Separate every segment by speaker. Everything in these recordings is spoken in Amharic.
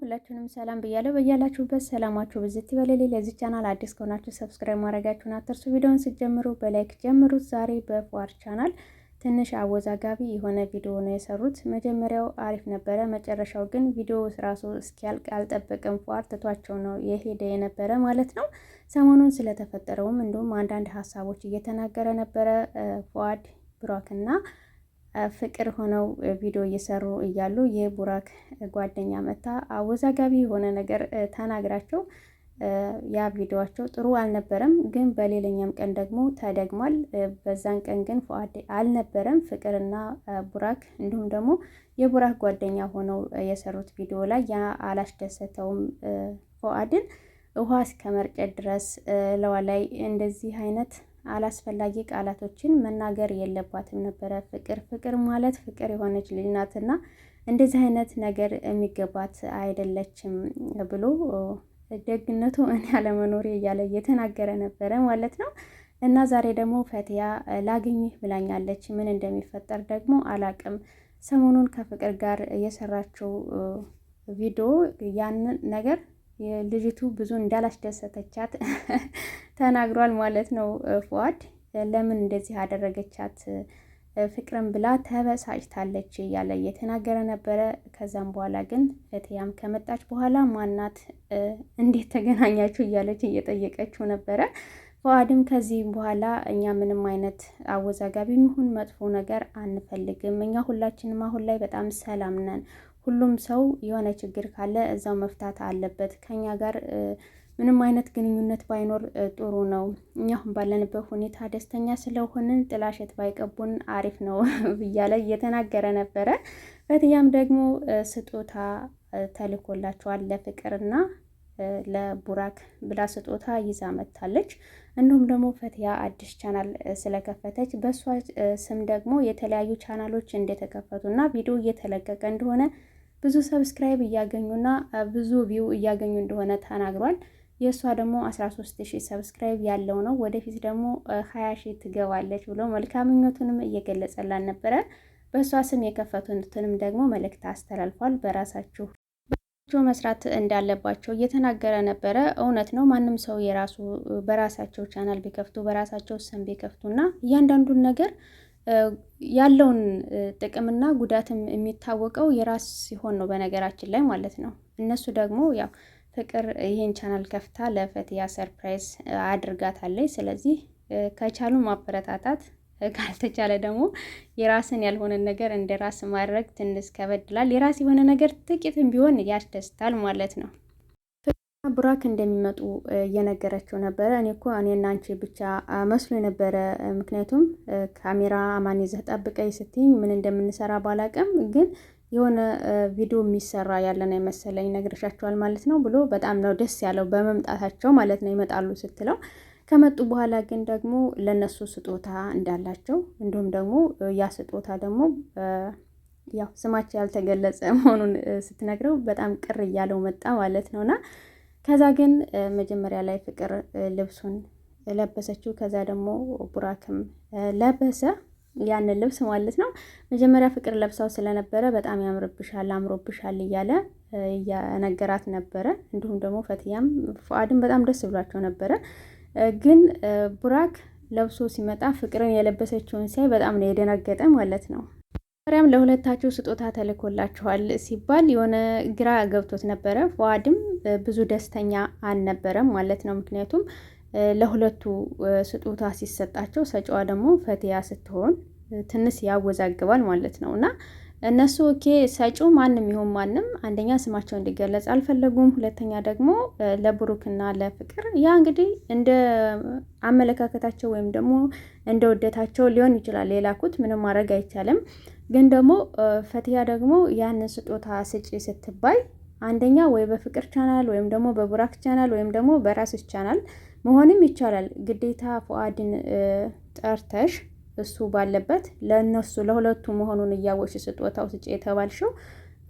Speaker 1: ሁላችሁንም ሰላም ብያለሁ። በያላችሁበት ሰላማችሁ ብዝት ይበልልኝ። ለዚህ ቻናል አዲስ ከሆናችሁ ሰብስክራይብ ማድረጋችሁን አትርሱ። ቪዲዮውን ስትጀምሩ በላይክ ጀምሩት። ዛሬ በፏር ቻናል ትንሽ አወዛጋቢ የሆነ ቪዲዮ ነው የሰሩት። መጀመሪያው አሪፍ ነበረ፣ መጨረሻው ግን ቪዲዮ ራሱ እስኪያልቅ አልጠበቀም። ፏር ትቷቸው ነው የሄደ የነበረ ማለት ነው። ሰሞኑን ስለተፈጠረውም እንዲሁም አንዳንድ ሀሳቦች እየተናገረ ነበረ ፏድ ብሯክና ፍቅር ሆነው ቪዲዮ እየሰሩ እያሉ የቡራክ ጓደኛ መታ አወዛጋቢ የሆነ ነገር ተናግራቸው ያ ቪዲዮቸው ጥሩ አልነበረም። ግን በሌላኛም ቀን ደግሞ ተደግሟል። በዛን ቀን ግን ፉአድ አልነበረም። ፍቅርና ቡራክ እንዲሁም ደግሞ የቡራክ ጓደኛ ሆነው የሰሩት ቪዲዮ ላይ ያ አላስደሰተውም ፉአድን ውሃ እስከ መርጨት ድረስ ለዋ ላይ እንደዚህ አይነት አላስፈላጊ ቃላቶችን መናገር የለባትም ነበረ። ፍቅር ፍቅር ማለት ፍቅር የሆነች ልጅ ናትና እንደዚህ አይነት ነገር የሚገባት አይደለችም ብሎ ደግነቱ እኔ አለመኖሬ እያለ እየተናገረ ነበረ ማለት ነው። እና ዛሬ ደግሞ ፈትያ ላግኝህ ብላኛለች። ምን እንደሚፈጠር ደግሞ አላቅም። ሰሞኑን ከፍቅር ጋር የሰራችው ቪዲዮ ያንን ነገር ልጅቱ ብዙ እንዳላስደሰተቻት ተናግሯል ማለት ነው። ፏድ ለምን እንደዚህ አደረገቻት ፍቅርን ብላ ተበሳጭታለች እያለ እየተናገረ ነበረ። ከዛም በኋላ ግን እትያም ከመጣች በኋላ ማናት እንዴት ተገናኛችሁ እያለች እየጠየቀችው ነበረ። ፈዋድም ከዚህ በኋላ እኛ ምንም አይነት አወዛጋቢ የሚሆን መጥፎ ነገር አንፈልግም፣ እኛ ሁላችንም አሁን ላይ በጣም ሰላም ነን ሁሉም ሰው የሆነ ችግር ካለ እዛው መፍታት አለበት። ከኛ ጋር ምንም አይነት ግንኙነት ባይኖር ጥሩ ነው። እኛ አሁን ባለንበት ሁኔታ ደስተኛ ስለሆንን ጥላሸት ባይቀቡን አሪፍ ነው ብያለ እየተናገረ ነበረ። በትያም ደግሞ ስጦታ ተልኮላቸዋል ለፍቅርና ለቡራክ ብላ ስጦታ ይዛ መታለች እንዲሁም ደግሞ ፈትያ አዲስ ቻናል ስለከፈተች በእሷ ስም ደግሞ የተለያዩ ቻናሎች እንደተከፈቱ እና ቪዲዮ እየተለቀቀ እንደሆነ ብዙ ሰብስክራይብ እያገኙና ብዙ ቪው እያገኙ እንደሆነ ተናግሯል። የእሷ ደግሞ 13 ሺህ ሰብስክራይብ ያለው ነው። ወደፊት ደግሞ 20 ሺህ ትገባለች ብሎ መልካምኞቱንም እየገለጸላን ነበረ። በእሷ ስም የከፈቱትንም ደግሞ መልእክት አስተላልፏል። በራሳችሁ መስራት እንዳለባቸው እየተናገረ ነበረ። እውነት ነው። ማንም ሰው የራሱ በራሳቸው ቻናል ቢከፍቱ በራሳቸው ስም ቢከፍቱና እያንዳንዱን ነገር ያለውን ጥቅምና ጉዳትም የሚታወቀው የራስ ሲሆን ነው በነገራችን ላይ ማለት ነው። እነሱ ደግሞ ያው ፍቅር ይህን ቻናል ከፍታ ለፈትያ ሰርፕራይዝ አድርጋታለች። ስለዚህ ከቻሉ ማበረታታት ካልተቻለ ደግሞ የራስን ያልሆነ ነገር እንደ ራስ ማድረግ ትንሽ ከበድላል። የራስ የሆነ ነገር ጥቂትም ቢሆን ያስደስታል ማለት ነው። ብራክ እንደሚመጡ እየነገረችው ነበረ። እኔ እኮ እኔና አንቺ ብቻ መስሎ የነበረ ምክንያቱም ካሜራ አማን ይዘህ ጠብቀኝ ስትኝ ምን እንደምንሰራ ባላቅም ግን የሆነ ቪዲዮ የሚሰራ ያለን አይመሰለኝ ነግረሻቸዋል ማለት ነው ብሎ በጣም ነው ደስ ያለው በመምጣታቸው ማለት ነው ይመጣሉ ስትለው ከመጡ በኋላ ግን ደግሞ ለነሱ ስጦታ እንዳላቸው እንዲሁም ደግሞ ያ ስጦታ ደግሞ ያው ስማቸው ያልተገለጸ መሆኑን ስትነግረው በጣም ቅር እያለው መጣ ማለት ነውና ከዛ ግን መጀመሪያ ላይ ፍቅር ልብሱን ለበሰችው። ከዛ ደግሞ ቡራክም ለበሰ ያንን ልብስ ማለት ነው። መጀመሪያ ፍቅር ለብሳው ስለነበረ በጣም ያምርብሻል፣ አምሮብሻል እያለ እየነገራት ነበረ። እንዲሁም ደግሞ ፈትያም ፉአድም በጣም ደስ ብሏቸው ነበረ። ግን ቡራክ ለብሶ ሲመጣ ፍቅርን የለበሰችውን ሲያይ በጣም ነው የደነገጠ ማለት ነው። ሪያም ለሁለታችሁ ስጦታ ተልኮላችኋል ሲባል የሆነ ግራ ገብቶት ነበረ። ፉአድም ብዙ ደስተኛ አልነበረም ማለት ነው። ምክንያቱም ለሁለቱ ስጦታ ሲሰጣቸው ሰጫዋ ደግሞ ፈትያ ስትሆን ትንስ ያወዛግባል ማለት ነው እና እነሱ ኦኬ ሰጩ ማንም ይሁን ማንም፣ አንደኛ ስማቸው እንዲገለጽ አልፈለጉም። ሁለተኛ ደግሞ ለብሩክና ለፍቅር ያ እንግዲህ እንደ አመለካከታቸው ወይም ደግሞ እንደ ውደታቸው ሊሆን ይችላል የላኩት። ምንም ማድረግ አይቻልም። ግን ደግሞ ፈትያ ደግሞ ያንን ስጦታ ስጪ ስትባይ አንደኛ ወይ በፍቅር ቻናል ወይም ደግሞ በቡራክ ቻናል ወይም ደግሞ በራስሽ ቻናል መሆንም ይቻላል። ግዴታ ፉአድን ጠርተሽ እሱ ባለበት ለእነሱ ለሁለቱ መሆኑን እያወቅሽ ስጦታው ስጭ የተባልሽው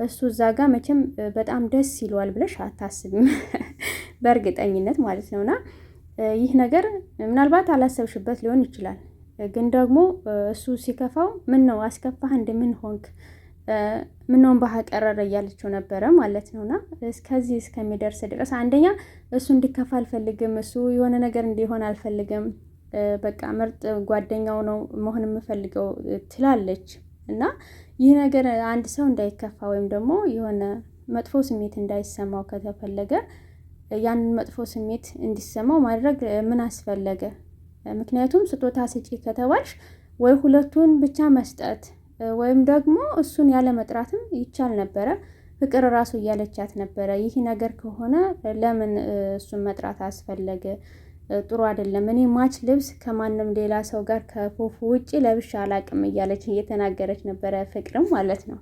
Speaker 1: እሱ እዛ ጋር መቼም በጣም ደስ ይለዋል ብለሽ አታስብም፣ በእርግጠኝነት ማለት ነውና ይህ ነገር ምናልባት አላሰብሽበት ሊሆን ይችላል። ግን ደግሞ እሱ ሲከፋው ምን ነው አስከፋህ እንደ ምን ሆንክ ምነውን ባህ ቀረረ እያለችው ነበረ ማለት ነውና እስከዚህ እስከሚደርስ ድረስ አንደኛ እሱ እንዲከፋ አልፈልግም፣ እሱ የሆነ ነገር እንዲሆን አልፈልግም በቃ ምርጥ ጓደኛው ነው መሆን የምፈልገው ትላለች። እና ይህ ነገር አንድ ሰው እንዳይከፋ ወይም ደግሞ የሆነ መጥፎ ስሜት እንዳይሰማው ከተፈለገ ያንን መጥፎ ስሜት እንዲሰማው ማድረግ ምን አስፈለገ? ምክንያቱም ስጦታ ስጪ ከተባልሽ ወይ ሁለቱን ብቻ መስጠት ወይም ደግሞ እሱን ያለ መጥራትም ይቻል ነበረ። ፍቅር ራሱ እያለቻት ነበረ። ይህ ነገር ከሆነ ለምን እሱን መጥራት አስፈለገ? ጥሩ አይደለም። እኔ ማች ልብስ ከማንም ሌላ ሰው ጋር ከፉፉ ውጭ ለብሻ አላቅም እያለች እየተናገረች ነበረ፣ ፍቅርም ማለት ነው።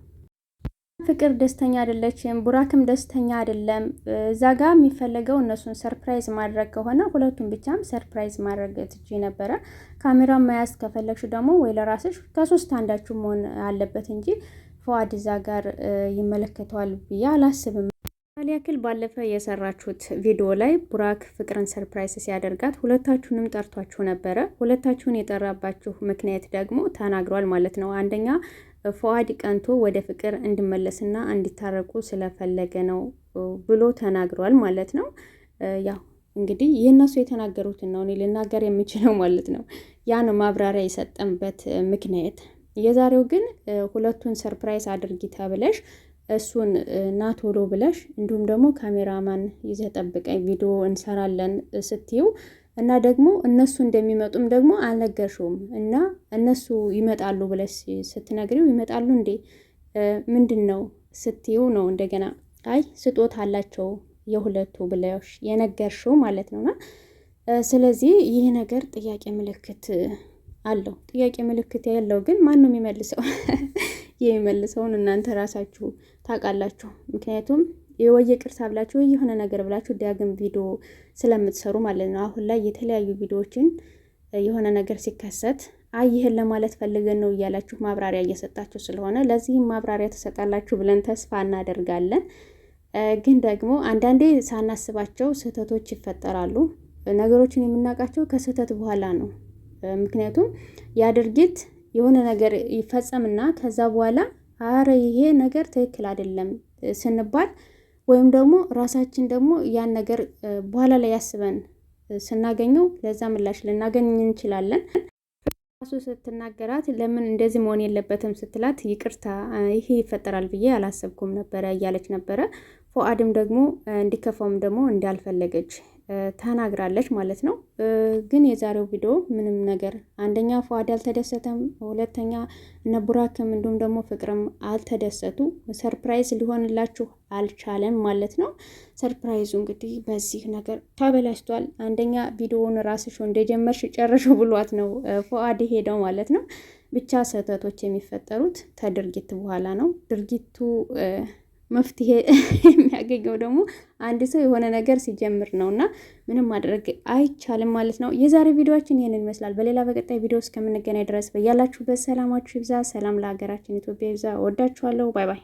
Speaker 1: ፍቅር ደስተኛ አይደለችም፣ ቡራክም ደስተኛ አይደለም። እዛ ጋ የሚፈለገው እነሱን ሰርፕራይዝ ማድረግ ከሆነ ሁለቱም ብቻም ሰርፕራይዝ ማድረግ ትች ነበረ። ካሜራ መያዝ ከፈለግሽ ደግሞ ወይ ለራስሽ ከሶስት አንዳችሁ መሆን አለበት እንጂ ፈዋድ እዛ ጋር ይመለከተዋል ብዬ አላስብም። ክል ባለፈ የሰራችሁት ቪዲዮ ላይ ቡራክ ፍቅርን ሰርፕራይዝ ሲያደርጋት ሁለታችሁንም ጠርቷችሁ ነበረ። ሁለታችሁን የጠራባችሁ ምክንያት ደግሞ ተናግሯል ማለት ነው። አንደኛ ፈዋድ ቀንቶ ወደ ፍቅር እንዲመለስና እንዲታረቁ ስለፈለገ ነው ብሎ ተናግሯል ማለት ነው። ያው እንግዲህ የእነሱ የተናገሩትን ነው እኔ ልናገር የምችለው ማለት ነው። ያን ማብራሪያ የሰጠንበት ምክንያት የዛሬው ግን ሁለቱን ሰርፕራይዝ አድርጊ ተብለሽ እሱን ና ቶሎ ብለሽ እንዲሁም ደግሞ ካሜራማን ይዘህ ጠብቀኝ ቪዲዮ እንሰራለን ስትዩ እና ደግሞ እነሱ እንደሚመጡም ደግሞ አልነገርሽውም እና እነሱ ይመጣሉ ብለሽ ስትነግሪው ይመጣሉ እንዴ ምንድን ነው ስትዩ ነው እንደገና አይ ስጦታ አላቸው የሁለቱ ብለሽ የነገርሽው ማለት ነውና ስለዚህ ይህ ነገር ጥያቄ ምልክት አለው። ጥያቄ ምልክት ያለው ግን ማን ነው የሚመልሰው? የሚመልሰውን እናንተ ራሳችሁ ታውቃላችሁ። ምክንያቱም የወየ ቅርስ ብላችሁ የሆነ ነገር ብላችሁ ዳግም ቪዲዮ ስለምትሰሩ ማለት ነው። አሁን ላይ የተለያዩ ቪዲዮዎችን የሆነ ነገር ሲከሰት አይ ይህን ለማለት ፈልገን ነው እያላችሁ ማብራሪያ እየሰጣችሁ ስለሆነ ለዚህም ማብራሪያ ትሰጣላችሁ ብለን ተስፋ እናደርጋለን። ግን ደግሞ አንዳንዴ ሳናስባቸው ስህተቶች ይፈጠራሉ። ነገሮችን የምናውቃቸው ከስህተት በኋላ ነው። ምክንያቱም ያ ድርጊት የሆነ ነገር ይፈጸምና ከዛ በኋላ አረ ይሄ ነገር ትክክል አይደለም ስንባል ወይም ደግሞ ራሳችን ደግሞ ያን ነገር በኋላ ላይ ያስበን ስናገኘው ለዛ ምላሽ ልናገኝ እንችላለን። ራሱ ስትናገራት ለምን እንደዚህ መሆን የለበትም ስትላት ይቅርታ ይሄ ይፈጠራል ብዬ አላሰብኩም ነበረ እያለች ነበረ። ፎአድም ደግሞ እንዲከፋውም ደግሞ እንዳልፈለገች ተናግራለች ማለት ነው። ግን የዛሬው ቪዲዮ ምንም ነገር አንደኛ ፏድ አልተደሰተም፣ ሁለተኛ እነ ቡራክም እንዲሁም ደግሞ ፍቅርም አልተደሰቱ። ሰርፕራይዝ ሊሆንላችሁ አልቻለም ማለት ነው። ሰርፕራይዙ እንግዲህ በዚህ ነገር ተበላሽቷል። አንደኛ ቪዲዮውን ራስሽ እንደጀመርሽ ጨርሹ ብሏት ነው ፏድ ሄደው ማለት ነው። ብቻ ስህተቶች የሚፈጠሩት ከድርጊት በኋላ ነው። ድርጊቱ መፍትሄ መጠንቀቂያው ደግሞ አንድ ሰው የሆነ ነገር ሲጀምር ነው እና ምንም ማድረግ አይቻልም ማለት ነው። የዛሬ ቪዲዮችን ይህንን ይመስላል። በሌላ በቀጣይ ቪዲዮ እስከምንገናኝ ድረስ በያላችሁበት ሰላማችሁ ይብዛ። ሰላም ለሀገራችን ኢትዮጵያ ይብዛ። ወዳችኋለሁ። ባይ ባይ።